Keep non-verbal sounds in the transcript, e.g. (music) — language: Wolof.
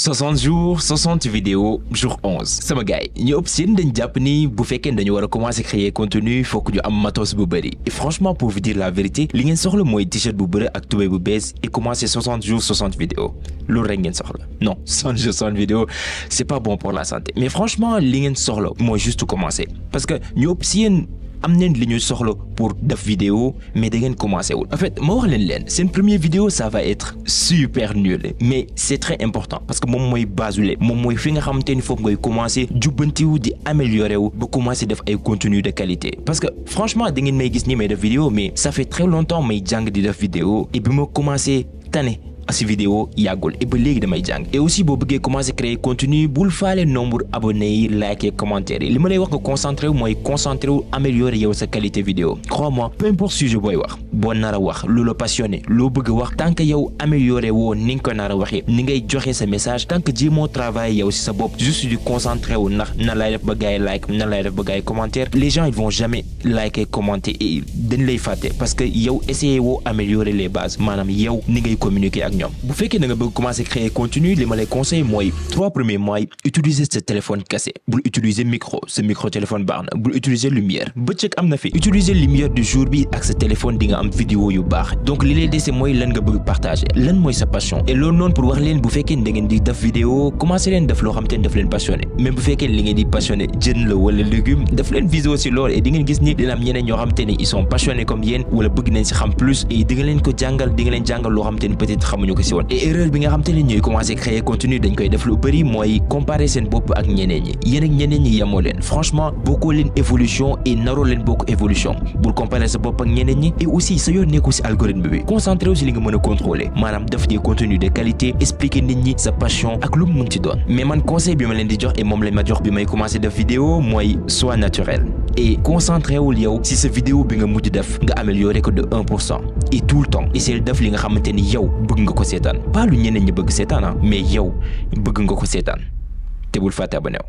60 jours 60 vidéos jour 11 sama gars, ñu ëpp seen dañ jàpp ni bu fekkee dañu war a commencer créer contenu pour ñu am matos bu et franchement pour vous dire la vérité li ngeen soxla mooy t-shirt bu bëri ak bu et commencer 60 jours 60 vidéos loolu rek ngeen non 60 (laughs) jours 60 vidéos c'est pas bon pour la santé mais franchement li ngeen soxla juste commencer parce que ñu ëpp am nañ li sur soxla pour def vidéo mais ne commencer commencé en fait c'est wax leen leen première vidéo ça va être super nul mais c'est très important parce que moom mooy moi moom mooy fi nga xamante ni foofu ngay commencé jubbantiwu di améliorer wu commencer à faire ay contenu de qualité parce que franchement da ne may gis ni may de vidéo mais ça fait très longtemps may jàng di def vidéo et puis peux commencé tane si vidéo yagol et ba de ma jang et aussi vous vous commencer créer contenu faire le nombre abonnés like et commentaire le li wax concentré wu vous concentré améliorer votre sa qualité vidéo crois-moi peu importe sujet booy voir bon nara wax lu la passionné lo bëgg wax tant que yow amélioré wo ni nga ko nar a ni ngay joxe sa message tant que djimo travail yow ci sa bopp juste du concentré wu ndax na lay def ba gay like na lay def ba gay commentaire les gens ils vont jamais liker commenter et dañ lay faté parce que yow essayé wo améliorer les bases manam yow ni ngay communiquer ak ñom bu féké da nga bëgg commencer créer contenu li ma lay conseil moy trois premiers mois utiliser ce téléphone cassé bul utiliser micro ce micro téléphone baax na utiliser lumière bëccëg am na fi utiliser lumière du jour bi ak ce téléphone di am vidéo yu bax donc li lay déssé moy lan nga bëgg partager lan moy sa passion et loolu non pour wax leen bu féké da ngeen di def vidéo commencer leen def lo xam te def daf leen passionné même bu féké li ngeen di passionné jën la wala légume def leen vidéo ci lool et di ngeen gis ni dina am ñeneen ño xam te ils sont passionnés comme yéen wala bëgg nañ ci xam plus et di nga leen ko jàngal di nga leen jàngal lo xam te ne peut être xamuñu ko ci won et erreur bi nga xam te ne commencer créer contenu dañ koy def lu bëri moy comparer sen bop ak ñeneen ñi yéen ak ñeneen ñi yamo leen franchement beaucoup leen évolution et naro leen beaucoup évolution pour comparer sa bop ak ñeneen ñi et aussi si sa yoon nekkul si algorithme bi concentré wu li nga mën contrôler manam def des contenus de qualité expliquer nit ñi sa passion ak lu mu mën ci doon mais man conseil bi ma leen di jox et mom lañ ma jox bi may commencé def vidéo moy soit naturel et concentré wul yow si sa vidéo bi nga mujj def nga amélioré ko de 1 et tout le temps c'est def li nga xamanteni yow bëgg nga ko sétane pas lu ñeneen ñi bëgg sétane ah, mais yow bëgg nga ko sétane te bul fàtte abonné